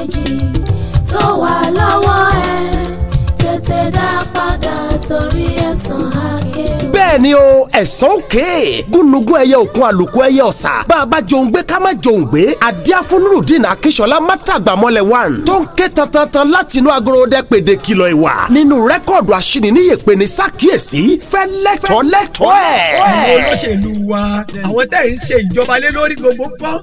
méjì tó wà lọ́wọ́ ẹ tètè dá padà torí ẹ̀san àgé. bẹ́ẹ̀ ni o ẹ̀sán òkè gúnlùgún ẹyẹ òkun àlùkò ẹyẹ ọ̀sà bá a bá jòun gbé ká má jòun gbé adíáfúnrúdìn akíṣọlá mátàgbàmọ́lẹ̀ one tó ń ké tantantan láti inú agorodẹ pèdè kìlọ̀ ìwà nínú rẹ́kọ̀dù aṣíniníyèpé ní sákìyèsí fẹ́ lẹ́tọ̀ọ́ lẹ́tọ̀ọ́ ẹ̀. àwọn olóṣèlú wa àwọn tẹ̀ ń ṣe ìjọba lé lórí gbogbo pọ́n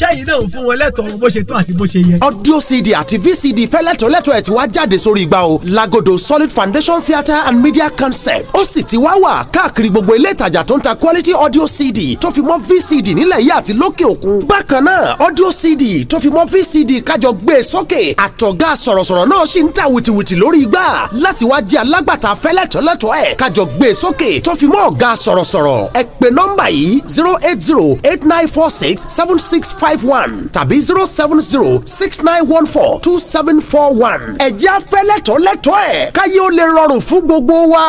sẹ́yìn náà fún wọn lẹ́tọ̀ọ́ bó ṣe tán àti bó ṣe yẹ. audio cd àti vcd fẹ́lẹ́tọ̀ọ́lẹ́tọ̀ ẹ̀ ti wá jáde sórí igba o lagodo solid foundation theatre and media concept ó sì ti wá wà káàkiri gbogbo ilé ìtajà tó ń ta quality audio cd tó fi mọ́ vcd nílẹ̀ yìí àti lókè òkun bákan náà audio cd tó fi mọ́ vcd kájọ gbé e sókè àtọ̀gá sọ̀rọ̀sọ̀rọ̀ náà ṣì ń ta wìtìwìtì lórí igba láti wá jẹ́ alágbàtà fẹ́lẹ́tọ̀ọ́lẹ́tọ̀ ẹ̀ e sókè tó fi mọ́ ọ̀gá sọ̀rọ̀sọ̀rọ̀ ẹ pè zero eight zero eight nine four six seven six five one tàbí zero seven zero six nine one four two seven four one ẹ̀jẹ̀ afẹ́lẹ́tọ̀ọ́lẹ́tọ̀ọ́ ẹ̀ káyé ó lè rọrùn fún gbogbo wa.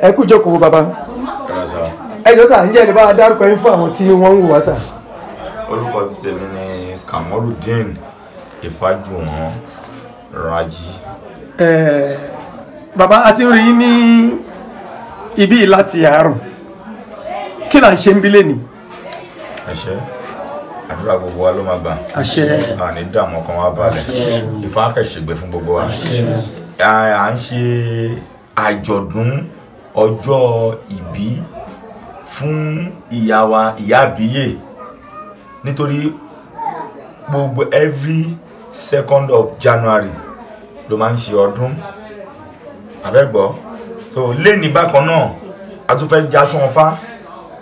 ẹ kú jókòó bàbá ẹ jọ sà ǹjẹ́ ẹ lè bá dárúkọ yín fún àwọn tí wọ́n ń wò wá sà. orúkọ ti tèmi ni kamorudeen ìfájùwọ̀n raji. bàbá a ti rí ní ibí láti àárọ̀ kí là ń ṣe ń bí lẹ́nìí. ẹ àdúrà gbogbo wa ló máa gbà a ní dààmú ọkàn wa balẹ̀ ìfọ̀n akẹ́ṣègbè fún gbogbo wa à ń ṣe àjọ̀dún ọjọ́ ìbí fún ìyá wa ìyá àbíyè nítorí gbogbo every second of January ló máa ń ṣe ọdún àbẹ́gbọ́ so léni bákan náà a tún fẹ́ jásánfá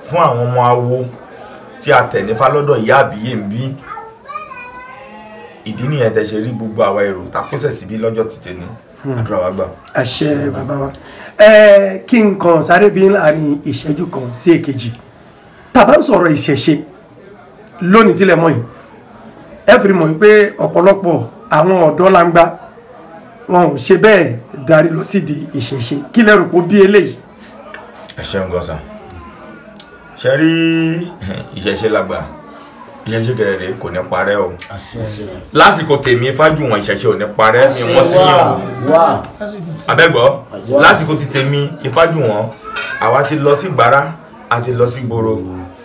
fún àwọn ọmọ awo tí a tẹ̀ nífá lọ́dọ̀ ìyá àbíyè ń bí ìdí nìyẹn tẹ̀ ṣe rí gbogbo àwa èrò tá pèsè síbí lọ́jọ́ títẹ̀ ni. Hmm. àdúrà wa gbà. àṣẹ bàbá wa ẹ kí n kàn sáré bí láàrin ìṣẹ́jú kan sí èkejì tàbá ń sọ̀rọ̀ ìṣẹ̀ṣe lónìí tilẹ̀ mọ́ yìí ẹ fi mọ̀ wípé ọ̀pọ̀lọpọ̀ àwọn ọ̀dọ́ langba wọn ò ṣe bẹ́ẹ̀ darí lọ sídìí ìṣẹ̀ṣe kí lẹ rò pé bí eléyìí. ẹ ṣeun gọ́sà ṣe rí ìṣẹ̀ṣe lágbàá ìṣẹ̀ṣe gẹ̀rẹ̀rẹ̀ kò ní parẹ́ o lásìkò tèmi fájùwọ̀n ìṣẹ̀ṣe ò ní parẹ́ ni wọ́n ti yàn abẹ́gbọ́ lásìkò ti tèmi ìfájùwọ̀n àwa ti lọ sí gbàrà àti lọ sí gbòòrò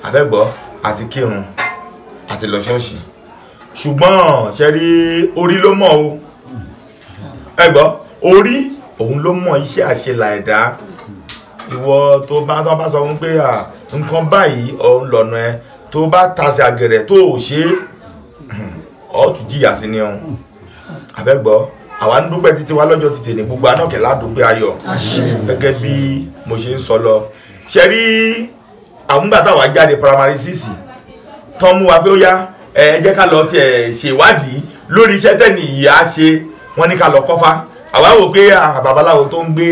abẹ́gbọ́ àti kírun àti lọ ṣọ́ọ̀ṣì ṣùgbọ́n ṣe rí orí ló mọ̀ o ẹgbọ́ orí òun ló mọ̀ iṣẹ́ àṣelà ẹ̀dá ìwọ tó bá tó bá sọ fún pé nǹkan báyìí òun lọ́nà ẹ tó bá tasẹ̀ àgẹ̀rẹ̀ tó ò ṣe é ọ̀ tún jìyà sí ni ọ̀hún àbẹ́gbọ́ àwa ń dúpẹ́ títí wá lọ́jọ́ títí ní gbogbo anọ́kẹ́ ládùúgbé ayọ̀ gẹ́gẹ́ bí mo ṣe ń sọ lọ ṣe rí àwọn nígbà táwa jáde primary six tán mú wa pé ó yá ẹ jẹ́ ká lọ tiẹ̀ ṣèwádìí lórí iṣẹ́ tẹ́ni ìyá ṣe wọ́n ní ká lọ kọ́fá àwa wò pé ah, babaláwo tó ń gbé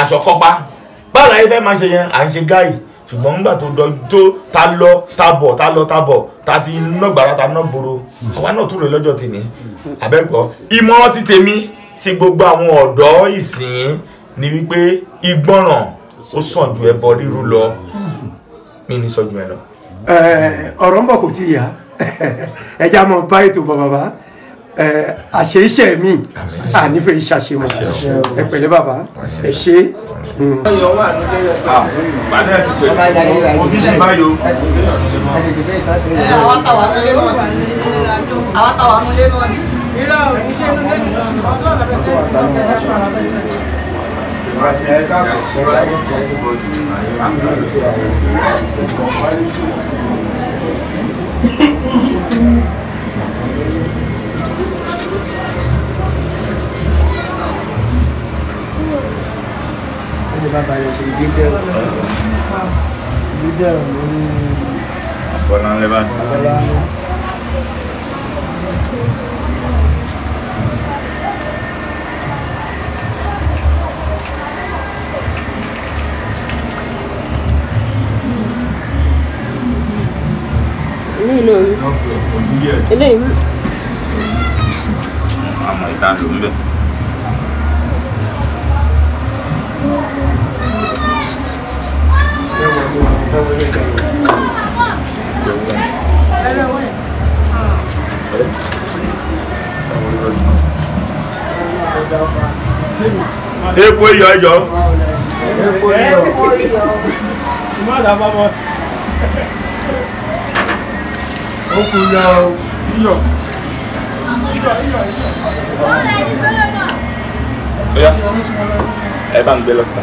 aṣọ kọ́pá báwo la yẹ fẹ́ máa ṣe yẹn à ń ṣe gáì ṣùgbọ́n nígbà tó dọjọ́ ta lọ ta bọ̀ ta lọ ta bọ̀ ta ti ná gbàrà ta ná boro àwa náà tún rè lọ́jọ́ tèmi àbẹ́gbọ́ ìmọ̀ràn ti tèmi sí gbogbo àwọn ọ̀dọ́ ìsìn ni wípé ìgbọràn ó sàn ju ẹbọ rírú lọ mi ní sọ ẹ lọ. ọ̀rọ̀ ń bọ̀ kò tí ì yá ẹja mọ̀ báyìí tó bọ̀ bàbá àṣeéṣe mi ànífẹ́ ìṣàṣe mọ́ ẹ bàbá ẹ ṣe. àwọn Diba paylaşım? Video. Video. Walang laban. Walang Ini loh. Ini. Ini. Amal tanam deh. epo iyọ̀ ẹjọ́ epo iyọ̀ ìmọ̀dà bàbá ó kú yọ iyọ̀ iyọ̀ iyọ̀ iyọ̀ ẹ bá ń gbé lọ sí i.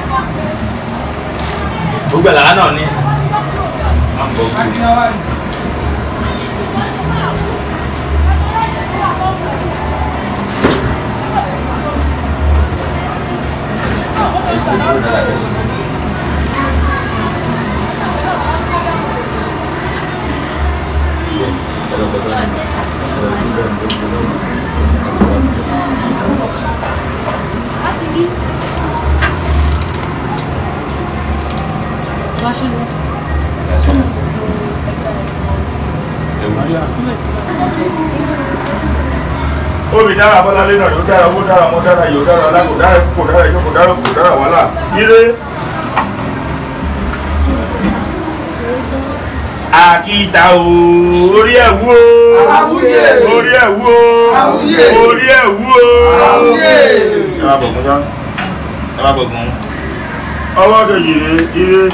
gbogbo ẹ̀ lára náà ní Thank you. obì dára bọ́lálé náà yóò dára owó dára ọmọ dára yóò dára alákò dára kò dára ìjọ kò dára kò dára wàhálà ire àkìtà orí ẹ̀ wú o orí ẹ̀ wú o orí ẹ̀ wú o ẹ má bọ̀ gùn ẹ má bọ̀ gùn ọwọ́ dọ̀ yìí ire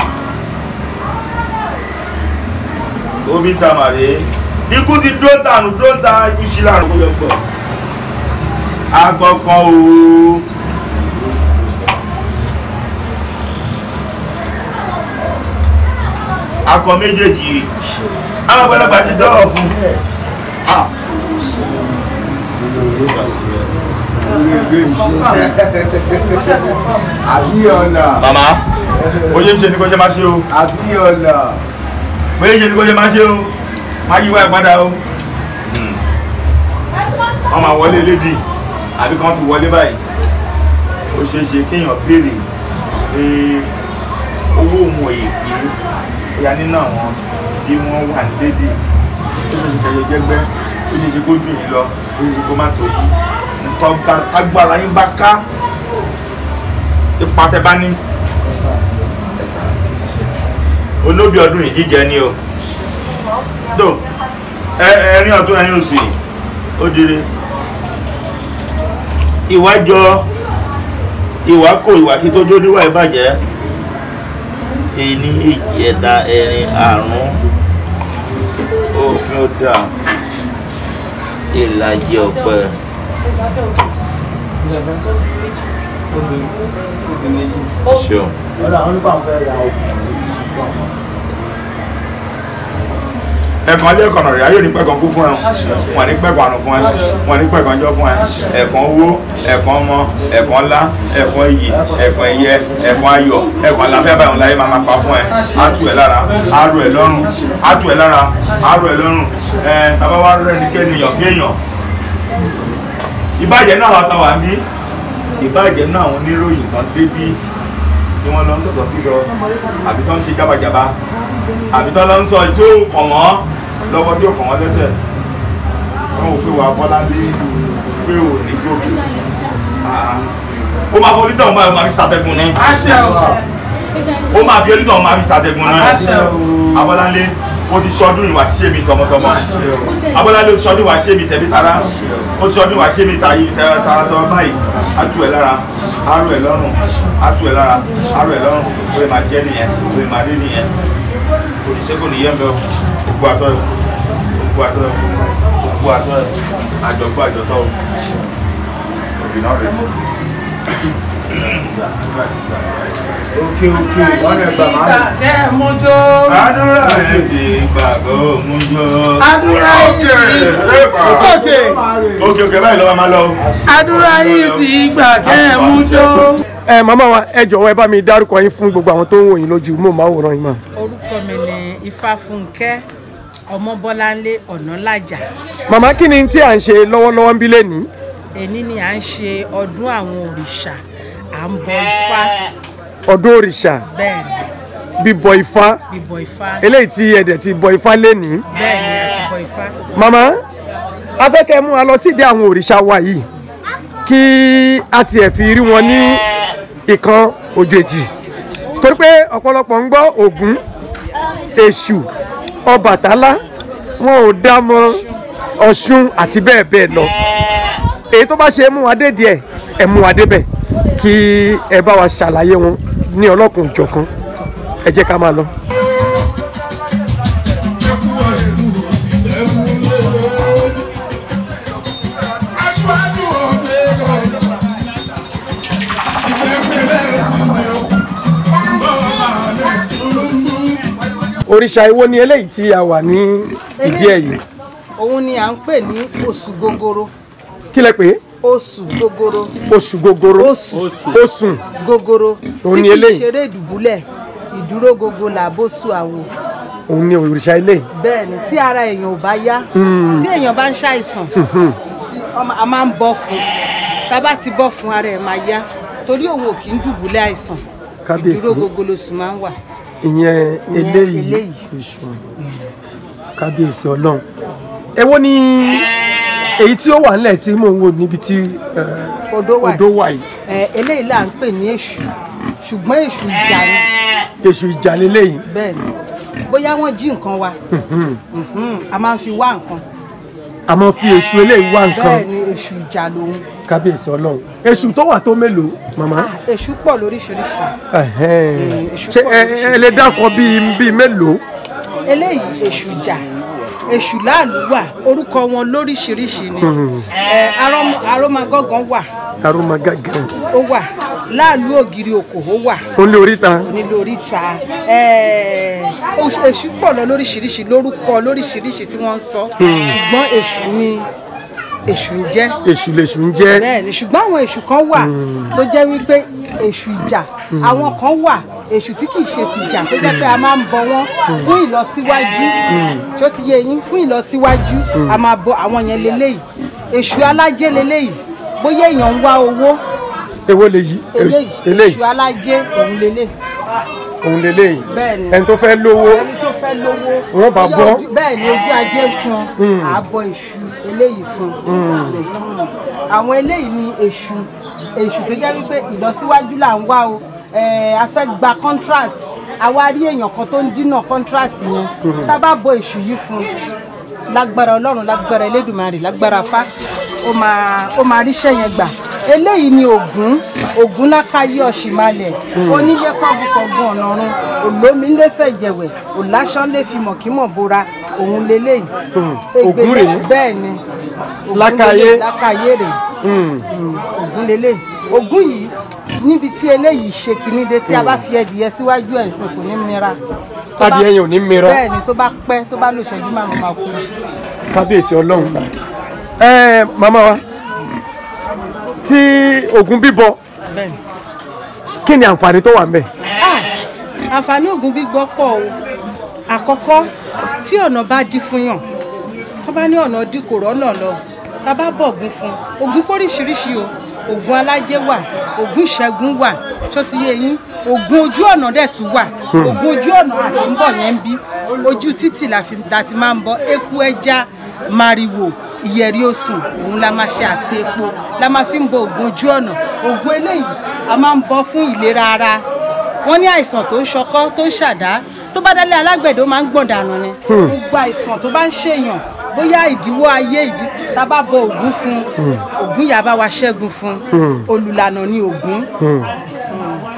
omi ta màrè ikú ti dúró tànù dúró ta ikú sí lànà kójọpọ̀ agbọ̀kan ooo. akọ méjèèjì àwọn ọ̀pọ̀lọpọ̀ ti dọ́rọ̀ fún un. Ah. àbí ọ̀nà. màmá oye ń ṣe ní kọjá máa ṣe o. àbí ọ̀nà méjì ni kò ṣe máa ṣe o máa yíwá ìpadà o hmm. wọ́n máa wọlé lédi àbí kan ti wọlé báyìí ó ṣeé ṣe kéèyàn béèrè pé owó òun ò yè pé ìyá nínú àwọn tí wọ́n wà ní lédi ó ṣeé ṣe kẹyọ jẹgbẹ́ ó ṣeé ṣe kó jù yín lọ ó ṣeé ṣe kó má tó yín ntọ́gbà tágbára yín bá ká ipa tẹ bá ní olóbi ọdún yìí jíjẹ ni o tó ẹrin ọdún ẹrin oṣù yìí ó dire ìwà jọ ìwà kò ìwà kí tó jó níwà ìbàjẹ́ ení èjì ẹ̀ta ẹ̀rin àrùn òfin ó dà ìlàjì ọ̀pẹ ṣeun. ọ̀la àwọn onípa ń fẹ́ ra ọkùnrin ẹ̀kan ilé ẹ̀kan ọ̀rẹ́ ayé onípẹ̀kan kú fún ẹ wọn ní pẹ̀kan àrùn fún ẹ wọn ní pẹ̀kan ọjọ́ fún ẹ ẹ̀kan owó ẹ̀kan ọmọ ẹ̀kan ńlá ẹ̀kan iyì ẹ̀kan ẹ̀yẹ ẹ̀kan ayọ̀ ẹ̀kan àlàáfíà báyìí wọn láyé máa máa pa fún ẹ á tù ẹ lára á rù ẹ lọ́rùn á tù ẹ lára á rù ẹ lọ́rùn ẹ tàbá wá rẹ ní kéèyàn kéèyàn ìbàjẹ́ náà wà táwa ní ìbàjẹ́ náà àwọn oníròyìn kan débí tí wọ́n lọ ń sọ̀tọ̀ kíṣọ àbí tó ń ṣe jábàjábà àbí tó lọ ń sọ tí ó kàn wọ́n lọ́wọ́ tí ó kàn wọ́n lẹ́sẹ̀ wọ́n ò pé wà bọ́lá dé pé ò ní gòkè ó máa fi onítàn máa fi ṣàtẹ̀gùn ni ó máa fi onítàn máa fi ṣàtẹ̀gùn ni abọ́lá lé mo ti sọdún ìwà ṣe mi tọmọtọmọ abọ́láde ó ti sọdún ìwà ṣe mi tẹ̀mí tara ó ti sọdún ìwà ṣe mi tara tọmọ báyìí á tu ẹ̀ lára á rù ẹ̀ lọ́rùn á tu ẹ̀ lára á rù ẹ̀ lọ́rùn ó lè máa jẹ́ nìyẹn ó lè máa rí nìyẹn òṣìṣẹ́ kò ní yẹ́ ń bẹ́ òkú àtọ́ ẹ̀ òkú àtọ́ ẹ̀ òkú àtọ́ ẹ̀ àjọ̀gbọ́ àjọ̀tọ́ òbí náà rẹ̀ mọ́ òkè òkè ọ̀rẹ́ bàbá mi. àdúrà mojó. àdúrà ẹ ti gbàgbọ́ mojó. àdúrà ẹ ti gbàgbọ́ òkè òkè òkè báyìí lọ́wọ́ máa lọ. àdúrà ẹ ti gbàgbọ́ mojó. ẹ màmá wa ẹ jọ̀wọ́ ẹ bá mi dárúkọ yín fún gbogbo àwọn tó ń wò yín lójú mò máa wòran yín mà. orúkọ mi ni Ifáfúnkẹ́ Ọmọbọ́láńlé Ọ̀nàlàjà. màmá kí ni tí à ń ṣe lọ́wọ́lọ́wọ́ ń bí lẹ́nìí. èní ni à ń ṣe ọdún àwọn òrìṣà à ń bọ ifá ọdún òrìṣà bíbọ ifá eléyìí tí ẹ̀dẹ̀ ti bọ ifá lénìí. màmá afẹ́kẹ́ mú wa lọ sídìí àwọn òrìṣà wa yìí kí a tiẹ̀ fi rí wọn ní ìkan òjèjì torí pé ọ̀pọ̀lọpọ̀ ń gbọ́ Ògún Èṣù Ọbàtálá wọn ò dá mọ Ọ̀ṣun àti bẹ́ẹ̀ bẹ́ẹ̀ lọ èyí tó bá ṣe mú wa dé díẹ̀ ẹ̀ mú wa débẹ̀ kí ẹ bá wa ṣàlàyé wọn ní ọlọ́kùnrin jọ̀kan ẹ jẹ́ ká máa lọ. òrìṣà ìwo ni eléyìí tí a wà ní ìdí èyí. òun ni à ń pè ní òṣùgogoro. kí lẹ pè é. osu gogoro. osu gogoro osu. osu gogoro òun ni eléyìí tí kì í ṣeré ìdùbúlẹ̀ ìdúró gogo su àwò. òun ni òrìṣà eléyìí. bẹ́ẹ̀ni tí ara èèyàn ò bá yá hmm. tí èèyàn bá ń ṣàìsàn hmm, hmm. a máa ń bọ fún tá bá ti bọ fún ara ẹ̀ máa yá torí òun ò kì í dùbúlẹ̀ àìsàn ìdúró gogo lóṣù máa ń wà. ìyẹn eléyìí oṣù kábíyèsí ọlọ́run èwo ni. Eh, èyí tí ó wà nílẹ̀ tí mò ń wò níbi tí odó wà yìí. eléyìí là ń pè ní èṣù ṣùgbọ́n èṣù ìjà ni. èṣù ìjà leléyìí. bẹ́ẹ̀ni bóyá wọ́n jí nǹkan wa a máa ń fi wá nǹkan. a máa ń fi èṣù eléyìí wá nǹkan. bẹ́ẹ̀ni èṣù ìjà lòun. kábíyèsí Ọlọ́run èṣù tó wà tó mélòó màmá. Ah, èṣù pọ̀ lóríṣiríṣi. Hmm, ṣé ẹ lè dákọ̀ bíi mélòó. eléyìí èṣù ìjà èṣù láàlú wà orúkọ wọn lóríṣiríṣi ni arómagángan wà. arómagángan. ó wà láàlú ògiri òkò ó wà. onílé oríta. onílé oríta èṣù pọ̀ lọ lóríṣiríṣi lórúkọ lóríṣiríṣi tí wọ́n ń sọ hmm. ṣùgbọ́n èṣù ni èṣù ń jẹ́. èṣù lèṣù ń jẹ́. bẹ́ẹ̀ni ṣùgbọ́n àwọn èṣù kan wà hmm. tó jẹ́ wípé èṣù ìjà hmm. àwọn kan wà èṣù tí kì í ṣe ti jà tó jẹ́ pé a máa ń bọ wọ́n hmm. fún ìlọsíwájú tó ti yé yín fún ìlọsíwájú a máa bọ àwọn yẹn leléyìí èṣù alájẹ leléyìí bóyá èèyàn ń wá owó. èwo lèyí eléyìí èṣù alájẹ òun leléyìí. òun leléyìí ẹni tó fẹ́ lówó. ẹni fẹ́ lówó rọ́bà bọ́ bẹ́ẹ̀ ni ojú ajé fún àbọ̀ èṣù eléyìí fún hmm. àwọn eléyìí ni èṣù èṣù tó jẹ́ wípé ìlọsíwájú là ń wá o a fẹ́ gba contract àwa rí èèyàn kan tó ń dínà contract yẹn hmm. tá a bá bọ èṣù yìí fún lágbára ọlọ́run lágbára elédùmarè lágbára fá ó máa ó máa ríṣẹ́ yẹn gbà eléyìí ni ògún ògún lákàyè ọ̀ṣìmalẹ̀ hmm. onílé kọ́bùkọ̀gùn ọ̀nà ọ̀run òlómi lè fẹ̀jẹ̀wẹ̀ òláṣọ́ lè fi mọ̀kímọ̀ bora òun lélẹ́yìí. Hmm. ògún rèé bẹ́ẹ̀ ni lákàyè lákàyè rèé hmm. ògún lélẹ́yìí ògún yìí níbi tí eléyìí ṣe kínní dé tí a bá fi ẹdìyẹ síwájú ẹ̀ ǹsìn kò ní mira. tádìyẹ yẹn ò ní mira. bẹ́ẹ̀ ni tó bá pẹ́ tó bá lò ṣẹ́jú márùn-ún máa kú. kábíyèsí ọlọ́run ẹ sí ògùn bíbọ kí ni àǹfààní tó wà ń bẹ̀. Ah, àǹfààní ògùn bíbọ pọ̀ o àkọ́kọ́ tí ọ̀nà bá dí fún yàn tó bá ní ọ̀nà dí kò rọ́nà lọ tá a bá bọ̀gún fún ògùn póríṣiríṣi o ògùn alájẹ wà ògùn ìṣẹ́gun wà tó ti yé yín ògùn ojú ọ̀nà dẹ̀ tún wà ògùn hmm. ojú ọ̀nà àti yẹn ń bí ojú títì la ti máa ń bọ eku ẹja màrìwò ìyẹ̀rí osùn òun la máa ṣe àti epo la máa fi ń bọ ògùn ojú ọ̀nà ògùn eléyìí a máa ń bọ fún ìlera ara wọ́n ní àìsàn tó ń ṣọkọ́ tó ń ṣàdá tó bá dálé alágbẹ̀dẹ ó máa ń gbọ̀n dànù ni hmm. gbogbo àìsàn tó bá ń ṣèyàn bóyá ìdíwọ́ ayé ìdí tá a bá bọ ògùn fún hmm. ògùn yà bá wa ṣẹ́gun fún hmm. olùlànà ni ògùn.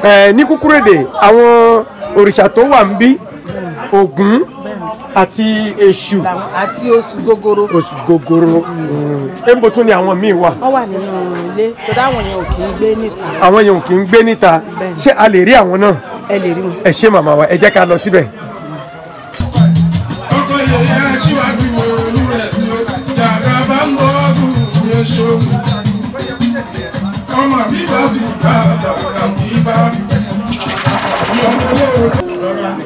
Eh, ní kúkúrèdè àwọn òrìṣà tó wà ń bí ògùn àti èṣù àti oṣù gogoro oṣù gogoro ẹnbó mm. tún ni àwọn míì wà. wọ́n wà nínú ilé tó dáwọn yẹn ò kì í gbé níta. àwọn yẹn ò kì í gbé níta ṣé a lè rí àwọn náà. ẹ lè rí wọn. ẹ ṣe màmá wa ẹ jẹ́ ká lọ síbẹ̀. ọkọ yẹyẹ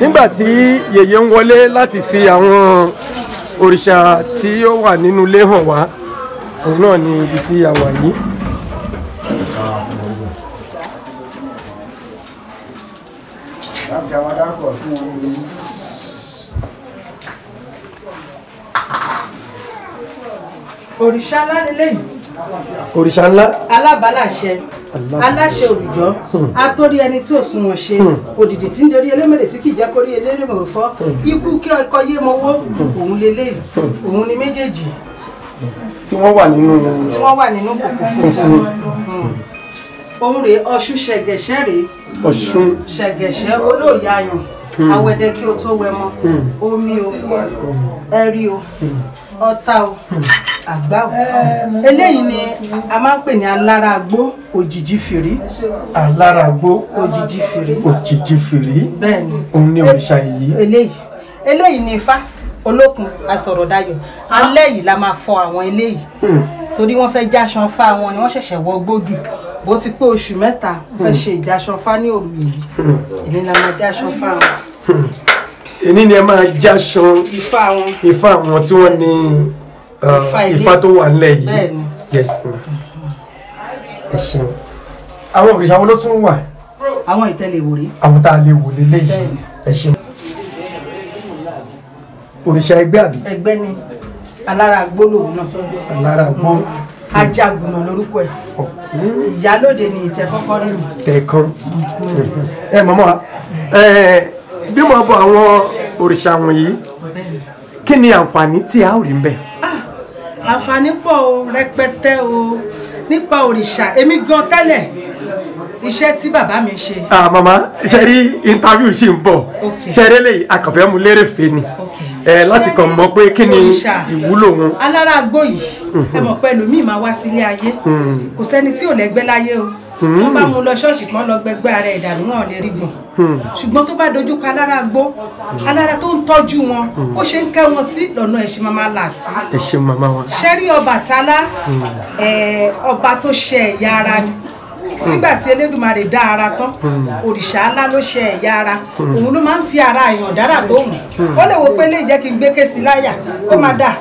nígbà tí yèyé ń wọlé láti fi àwọn òrìṣà tí ó wà nínú ilé hàn wá òun náà ni ibi tí a wà yìí. òrìṣà ńlá nílé yìí. òrìṣà ńlá. alábàálàṣẹ aláṣẹ olùjọ́ hmm. atórí ẹni tí ò sunwọ̀n ṣe òdìdí hmm. tí ń dorí elémèrè tí kì í jẹ́ kórí elérìmọ̀ fọ́ hmm. ikú kí ọkọ yé mọ́wọ́ òun lélẹ́yìí òun ni méjèèjì. tí wọ́n wà nínú tí wọ́n wà nínú kòkó funfun òun rèé ọṣù ṣẹ̀gẹ̀ṣẹ̀ rèé ọṣù ṣẹ̀gẹ̀ṣẹ̀ olóòyàyàn awẹ́dẹ́ kí o tó wẹ mọ́ omi o ẹ̀rí o ọ̀tá o àgbáwò eléyìí ni a máa ń pè ní aláragbó òjìji fìrí. aláragbó òjìji fìrí. òjìji fìrí. bẹ́ẹ̀ni òun ni òrìṣà e, yìí. eléyìí eléyìí ni ifá olókun asọ̀rọ̀dayọ̀ alẹ́ yìí la máa fọ àwọn eléyìí hmm. torí wọ́n fẹ́ jáṣan fá wọn ni wọ́n ṣẹ̀ṣẹ̀ wọ gbódù bó ti pé oṣù mẹ́ta wọ́n fẹ́ hmm. ṣe ìjáṣan fá ní òru yìí hmm. èyí la máa jáṣan fá wọn. èyí ni ẹ máa jáṣan ifá wọn tí wọ́n ní ifá uh, tó wà nílẹ̀ yìí yes ẹ ṣeun àwọn òrìṣà wo ló tún wà. àwọn ìtẹ̀lé wò rí. àwọn tá a lè wò lélẹ̀ yìí ẹ ṣeun. òrìṣà ẹgbẹ́ àbí. ẹgbẹ́ ni alára gbólóhùn náà. alára gbó. Mm. ajagùnà lórúkọ oh. ẹ ìyálòde ni ìtẹ kọkọ rẹ. tẹ̀kan ẹ mọ̀mọ́ bí mo bọ àwọn òrìṣà wọ̀nyí kí ni àǹfààní tí a ò rí ń bẹ̀ àǹfààní pọ̀ o rẹpẹtẹ o nípa òrìṣà èmi gan tẹ́lẹ̀ iṣẹ́ tí bàbá mi ṣe. ah mama ṣe rí interview ṣì ń bọ̀ ṣe rí eléyìí akànfẹ́ mu lérè fè ni ẹ láti kàn mọ̀ pé kí ni ìwúlò wọn. alára àgbo yìí ẹ mhm. mọ̀ pé ẹlòmíì máa wá sílé ayé mhm. kò sẹ́ni tí ò lẹ́gbẹ́ láyé o. Hmm. tó bá mu lọ ṣọ́ọ̀ṣì kan lọ gbẹgbẹ́ ara ẹ̀ dànù wọn lè rí bùn hmm. ṣùgbọ́n tó bá dojúkọ alára gbó hmm. alára tó ń tọ́jú wọn ó ṣe ń kẹ́ wọn sí lọ́nà ẹ̀ṣin mama là sí. ẹ̀ṣin mama wa. ṣẹ́rí Ọbàtálá ọba tó ṣe ẹ̀yà ara ni nígbà tí elédùmarè dá ara tán hmm. òrìṣà alá ló ṣe ẹ̀yà ara hmm. òun ló máa ń fi ara èèyàn dára tó wù hmm. ó lè wo pé lè jẹ́ kí n gbé kéésì láyà ó máa dà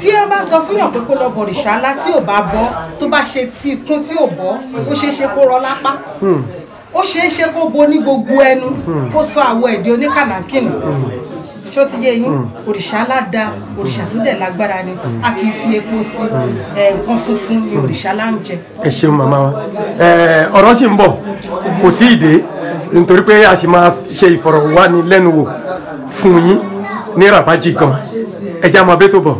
tí ẹ bá sọ fún yàn pé kó lọ bọ̀rìṣà alá tí ò bá bọ́ tó bá ṣe tí ikún tí ò bọ́ ó ṣeé ṣe kó rọ lápá ó ṣeé ṣe kó bo ní gbogbo ẹnu kó sọ àwọ̀ ẹ̀dẹ̀ oníkànákìnì ṣó ti yé yín òrìṣà aládà òrìṣà tó dẹ̀ lágbára ni a kì í fi epo sí nǹkan funfun ni òrìṣà láǹjẹ. ẹ ṣeun màmá wa ọ̀rọ̀ sì ń bọ̀ kò tí ì dé nítorí pé a sì máa ṣe ìfọ̀rọ̀wánilẹ́nuwò fún yín ní rabaji gan ẹ̀já máa bẹ́ tó bọ̀.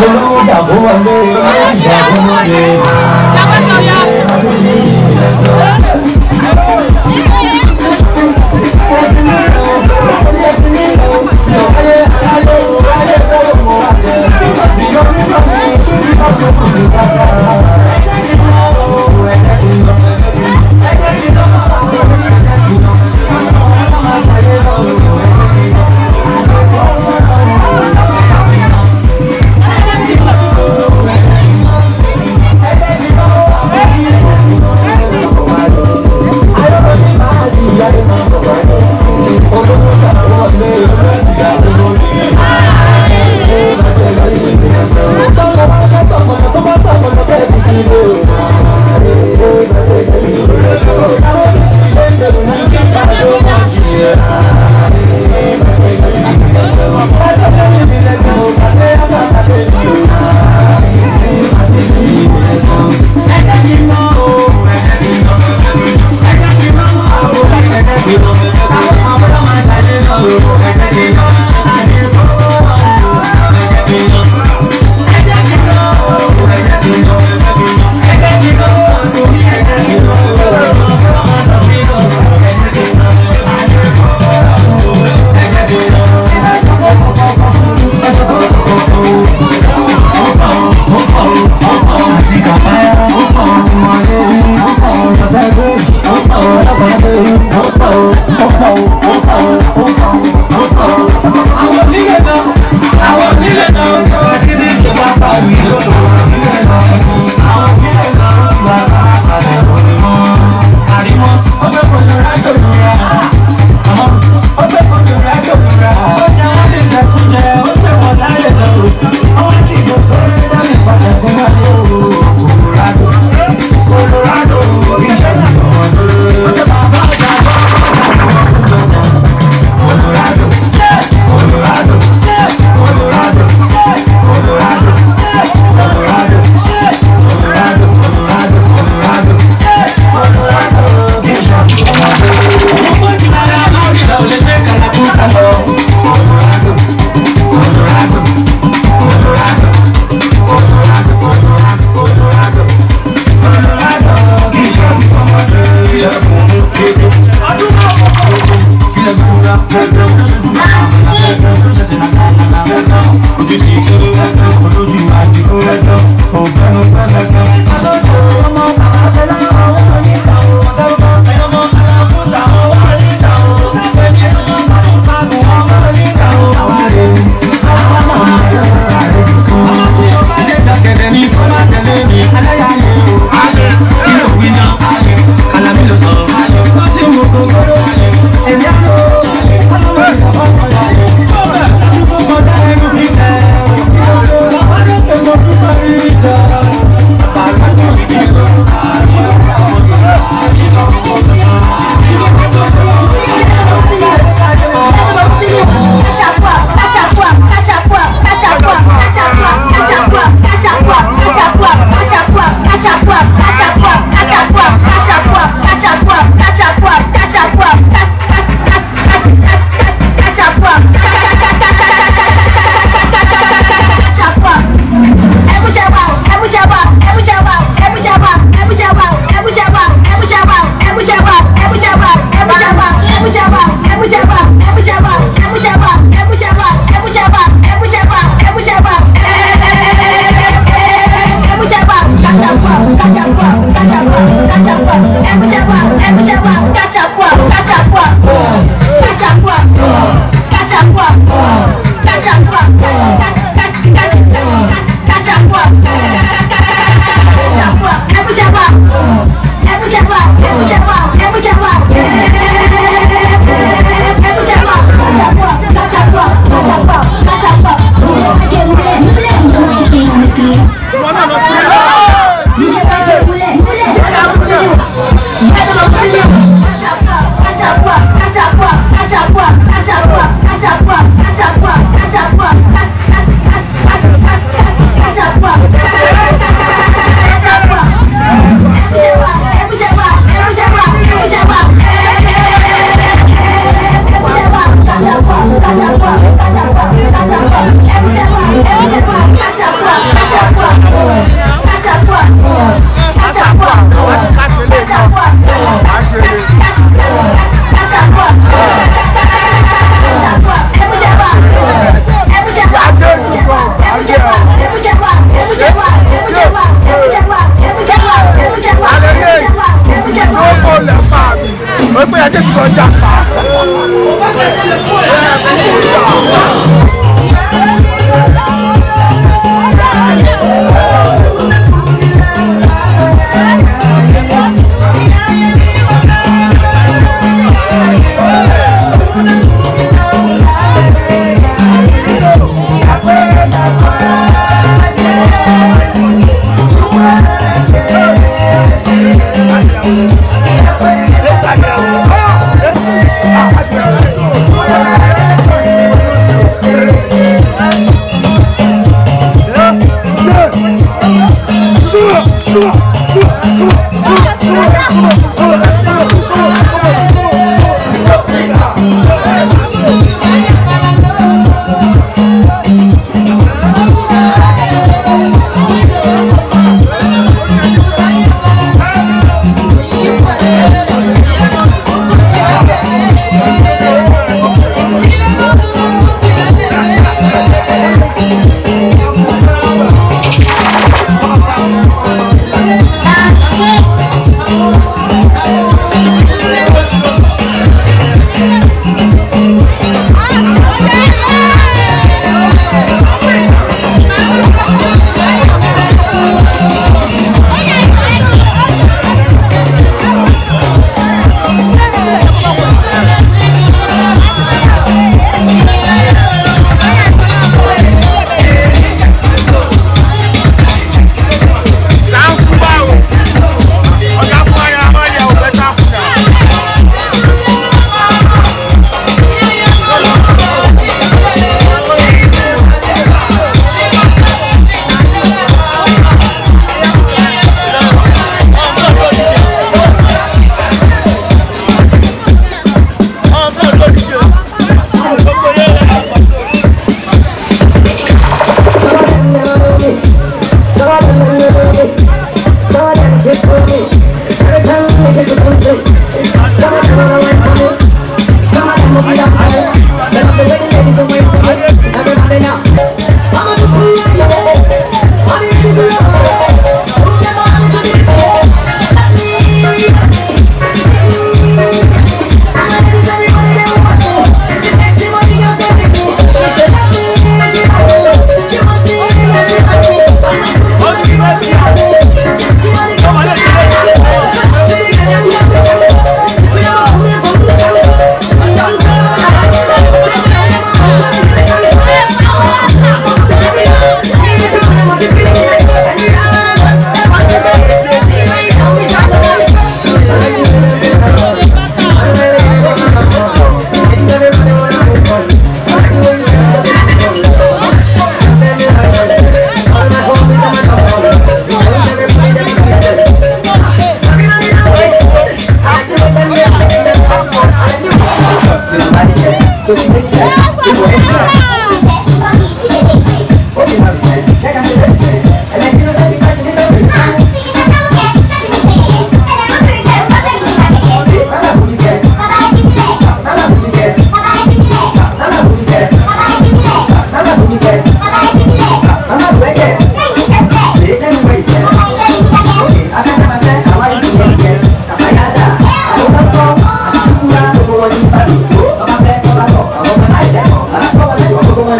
olùdàgbò wọlé ìyàwó lóde.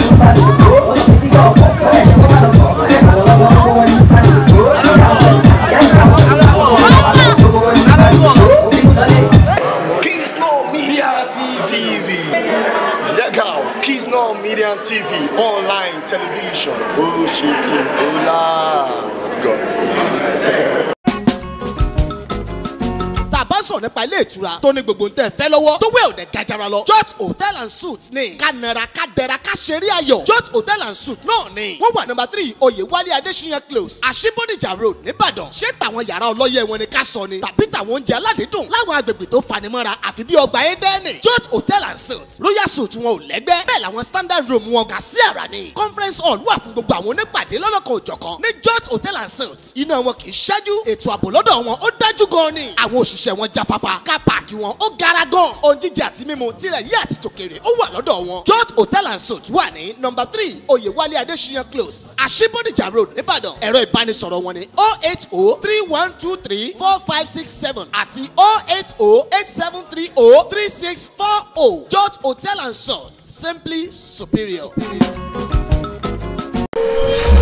one. ò dẹ̀ gajara lọ. Jot hotel and suits, ni. Ká nara ká dẹra ká ṣeré ayọ̀. Jot hotel and suits, náà ni. Wọ́n wà nọmba three Oyewale Adesina close. Àṣìbódìjà road nìbàdàn. Ṣé tàwọn yàrá ọlọ́yẹ wọn ni ká sọ ni? Tàbí tàwọn oúnjẹ aládìídùn láwọn agbègbè tó fanimọ́ra àfi bí ọgbà Édẹ́nì. Jot hotel and suits, Royal suit wọn ò lẹ́gbẹ́. Bẹ́ẹ̀ làwọn standard room wọn kà sí àrà ni. Conference hall wà fún gbogbo àwọn onípàdé lọ́lọ́kan òjọ̀kan. Ní Jot hotel and suits, Iná wọn kì í ṣẹ́jú. Ètò ààbò lọ́dọ̀ wọn ó dájú gan ni. Àwọn òṣìṣẹ́ wọn jáfáfá. Ká páàkì wọn ó gara gan. Ohun oúnjẹ àti mímu tilẹ̀ yí àti tòkèrè ó wà lọ́dọ̀ wọn. george hotel and suites wà ní nọmba three oyewale adesiyan close ashibodija road nìbàdàn ẹ̀rọ ìbánisọ̀rọ̀ wọn ni oh eight oh three one two three four five six seven àti o oh eight o oh eight seven three o oh three six four o. george hotel and suites simply superior. superior.